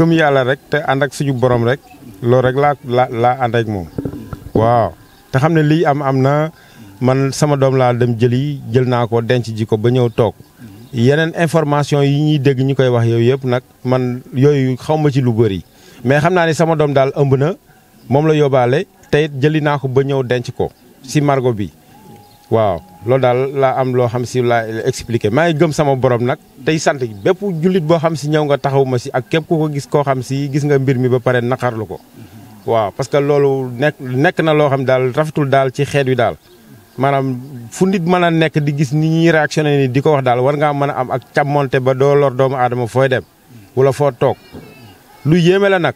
gëm yàlla rek te ànd ak suñu borom rek loolu rek laa la laa ànd ak moom waaw te xam ne lii am am na man sama doom laa dem jëli jël naa ko denc ji ko ba ñëw toog yeneen information yi ñuy dégg ñu koy wax yow yëpp nag man yooyu xaw ci lu bëri mais xam naa ni sama doom daal ëmb na moom la yóbbaale tey it jëli naa ko ba ñëw denc ko si margo bi Wow, loolu daal laa am loo xam si laa expliqué maa ngi gëm sama borom nag tey sant bépp jullit boo xam si ñëw nga taxaw ma si ak képp ku ko gis koo xam si gis nga mbir mi ba pare naqarlu ko waaw parce que loolu nekk nekk na loo xam daal rafetul dal ci xeet wi daal maanaam fu nit mën a di gis ni ñuy réactionné ni di ko wax daal war ngaa mën am ak càmmonte ba doo lor doomu aadama fooy dem wala foo toog lu yéeme la nag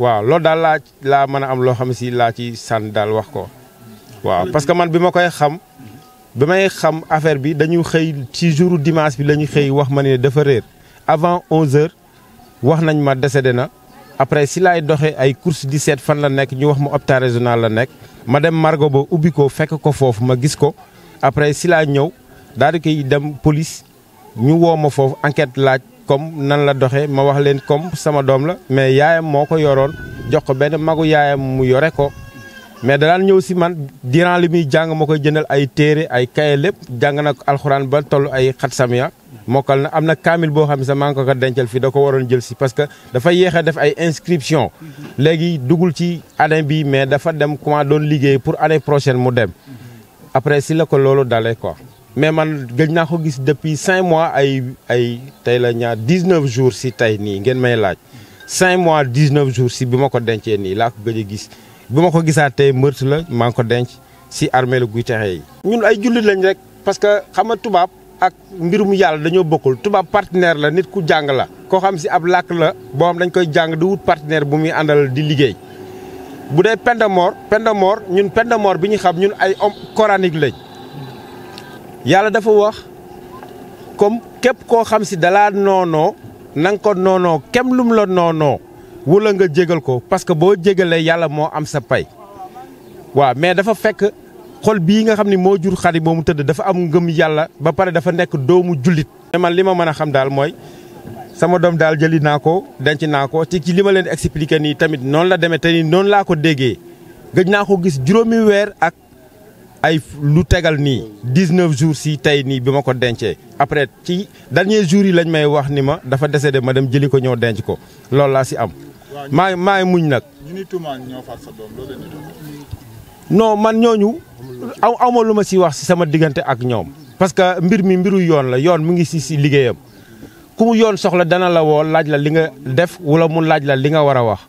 waaw loolu daal laa laa mën am loo xam si laa ci sant daal wax ko waaw parce que man bi ma koy xam bi may xam affaire bi dañu xëy ci jour dimanche bi la ñu xëy wax ma ni dafa réer avant 11h wax nañ ma décédé na après si laay doxee ay di 17 fan la nekk ñu wax ma hôpital régional la nekk ma dem Margo ba ubbi ko fekk ko foofu ma gis ko après si ñëw daal di koy dem police ñu woo ma foofu enquête laaj comme nan la doxee ma wax leen comme sama doom la mais yaayam moo ko yoroon jox ko benn magu yaayam mu yore ko. mais da daan ñew ci man durant li muy jàng ma jëndal ay téré ay kayé lepp jang na alcorane ba tollu ay xat samiya mokkal na amna kamil bo boo xam ne sax ko ko dencel fi da ko waroon jël ci parce que da fay a def ay inscription légui dugul ci année bi mais da fa dem comment doon liggéey pour année prochaine mu dem après si la ko loolu dalee quoi mais man gëj na ko gis depuis 5 mois ay ay tay la ñaar 19 jours ci tay ni ngeen may laaj 5 mois 19 jours si bima ko dencee ni la ko gëj gis buma ko gisaat tey meurtre la man ko denc si armée la guy taxe ñun ay jullit lañ rek parce que xama tubab ak mbirum yalla dañu bokul tubab partenaire la nit ku jang la ko xam ci ab lak la boo xam dañ koy jang du wut partenaire bu mi andal di liggey bu day peine de mort peine de mort ñun peine de mort xam ñun ay homme coranique lañ yalla dafa wax comme kep ko xam ci dala nono nang ko nono kem lum la nono wala nga jégal ko parce que boo jégalee yàlla moo am sa pay waaw mais dafa fekk xol bii nga xam ne moo jur xarit moomu tëdd dafa am ngëm yàlla ba pare dafa nekk doomu jullit. mais man li ma mën a xam daal mooy sama doom daal jëli naa ko denc naa ko ci ci li ma leen expliqué nii tamit noonu la demee te ni noonu laa ko déggee gëj naa ko gis juróomi weer ak ay lu tégal ni 19 jours si tay ni bima ko dencé après ci dernier jour yi lañ may wax ni ma dafa décédé ma dem jëli ko ñoo denc ko lool la si am. Ma, ma muñ nak ñu ni tuma ñoo fa sa doom loolu non man ñooñu aw aw lu ma wah wax si sama digënté ak ñoom. parce que mbir mi mbiru yoon la yoon mu ngi si si ligéyam ku mu yoon soxla dana la wo laaj la li nga def wala mu laaj la li nga wara wax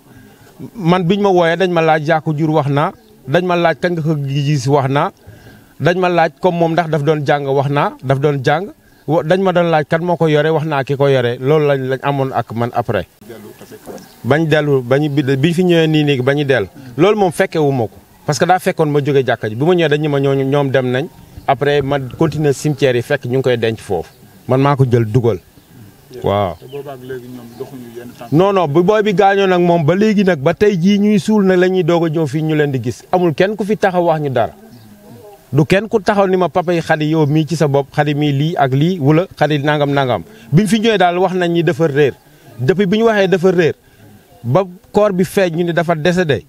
man biñ ma woyé dañ ma laaj yàqu jur wax na. dañ ma laaj kañ nga ko gis wax naa dañ ma laaj comme moom ndax daf doon jàng wax naa daf doon jàng dañ ma doon laaj kan moo ko yore wax naa ki ko yore loolu lañ lañ amoon ak man après. bañ dellu bañ biñ fi ñëwee nii nii bañu dell loolu moom fekke wu ko parce que daa fekkoon ma jóge jàkka ji bu ma ñëwee dañ ma ñoo ñoom dem nañ après ma continuer cimetière yi fekk ñu ngi koy denc foofu man maa ko jël dugal. waaw te boobaag léegi ñoom booy bi gaañoo nag moom ba léegi nag ba tey jii ñuy suul nag la ñuy doog a ñëw fii ñu leen di gis amul kenn ku fi taxaw wax ñu dara du kenn ku taxaw ni ma papa yi yow mii ci sa bopp xadi mii lii ak lii wala xadi nangam nangam biñ fi ñëwee daal wax nañ ñi dafa réer depuis bi ñu waxee dafa réer ba koor bi feeñ ñu ne dafa décédé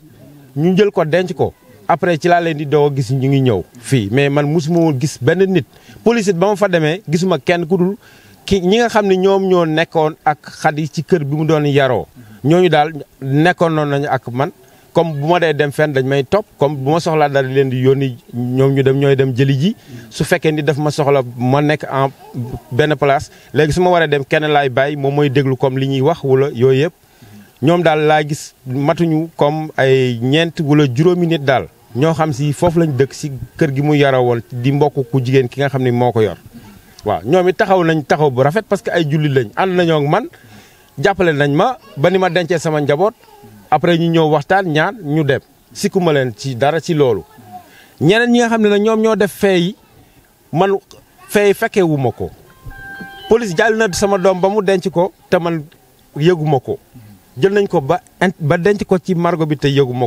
ñu jël ko denc ko après ci laa leen di doog gis ñu ngi ñëw fii mais man mosuma woon gis benn nit police ba ma fa demee gisuma kenn ku dul ki ñi nga xam ne ñoom ñoo nekkoon ak Xadi ci kër bi mu doon yaroo ñooñu daal nekkoon noonu nañu ak man comme bu ma dee dem fenn dañ may topp comme bu ma soxlaa dara leen di yónni ñoom ñu dem ñooy dem jëli ji su fekkee ni daf ma soxla ma nekk en benn place léegi su ma waree dem kenn laay bàyyi moom mooy déglu comme li ñuy wax wala yooyu yëpp ñoom daal laa gis matuñu comme ay ñeent wala juróomi nit daal ñoo xam si foofu lañ dëkk si kër gi mu yaroo woon di mbokk jigéen ki nga xam ne moo ko yor wa ñoomi taxaw nañ taxaw bu rafet parce que ay julli lañ and nañu ak man jappalé nañ ma banima ni sama njabot après ñu ñow waxtaan ñaan ñu dem sikuma len ci dara ci lolu ñeneen ñi nga xamné na ñoom ñoo def fey man fey féké wu ma police jall na sama dom ba mu denc ko te man yëgu jël nañ ko ba ba denc ko ci margo bi te yëgu ma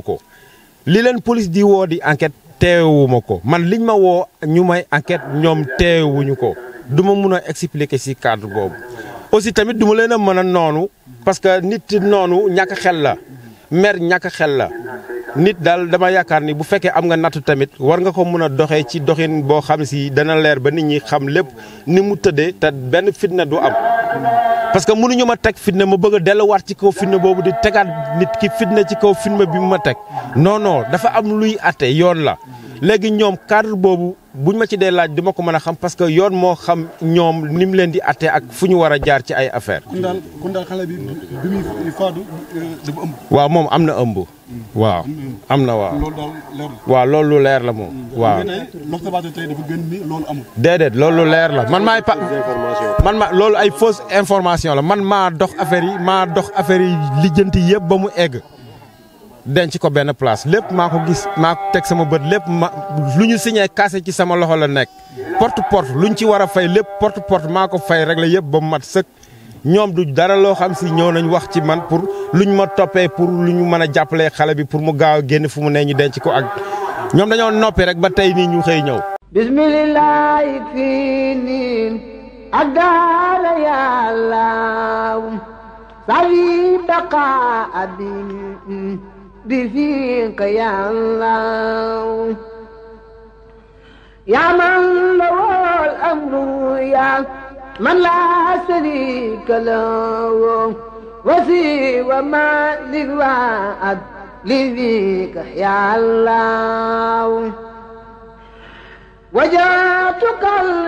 li len police di wo di enquête teewuma man liñ ma wo ñu may enquête ñoom téwuñu ko. duma mun a expliquer ci cadre boobu. aussi tamit duma leen a mën a noonu parce que nit noonu ñàkk xel la mer ñàkk xel la nit daal dama yaakaar ni bu fekkee am nga natt tamit war nga ko mun a doxee ci doxin boo xam si dana leer ba nit ñi xam lépp ni mu tëdde te benn fitna du am. parce que mënuñu ma teg fitna ma bëgg a delluwaat ci kaw fitna boobu di tegaat nit ki fitna ci kaw fitna bi mu ma teg non dafa am luy àtte yoon la. léegi ñoom cadre boobu buñ ma ci dee laaj duma ko mën a xam parce que yoon moo xam ñoom ni mu leen di atte ak fu ñu war a jaar ci ay affaire kon daal kon daal xale euh, moom am na ëmb. Mm. waaw am na waaw. loolu leer la. loolu leer moom. Mm. waaw tey dafa gën loolu amul. leer la man maa pa man ma loolu ay fausse information la man maa dox affaire yi maa dox affaire yi lijjanti yëpp ba mu egg. denc ko ben place lepp mako gis mako tek sama beut lepp luñu signé kase ci sama loxo la nek porte porte luñ ci wara fay lepp porte porte mako fay rek la yeb ba mat seuk ñom du dara lo xam ci ñoo nañ wax ci man pour luñ ma topé pour luñu mëna jappalé xalé bi pour mu gaaw genn fu mu neñu denc ko ak ñom dañoo noppi rek ba tay ni ñu xey ñew bismillahi fii agala ya allah yàllaaw sawi adin بفيق يا الله يا من له الأمر يا من لا شريك له وسوى ما للوعد لذيك يا الله وجاتك الله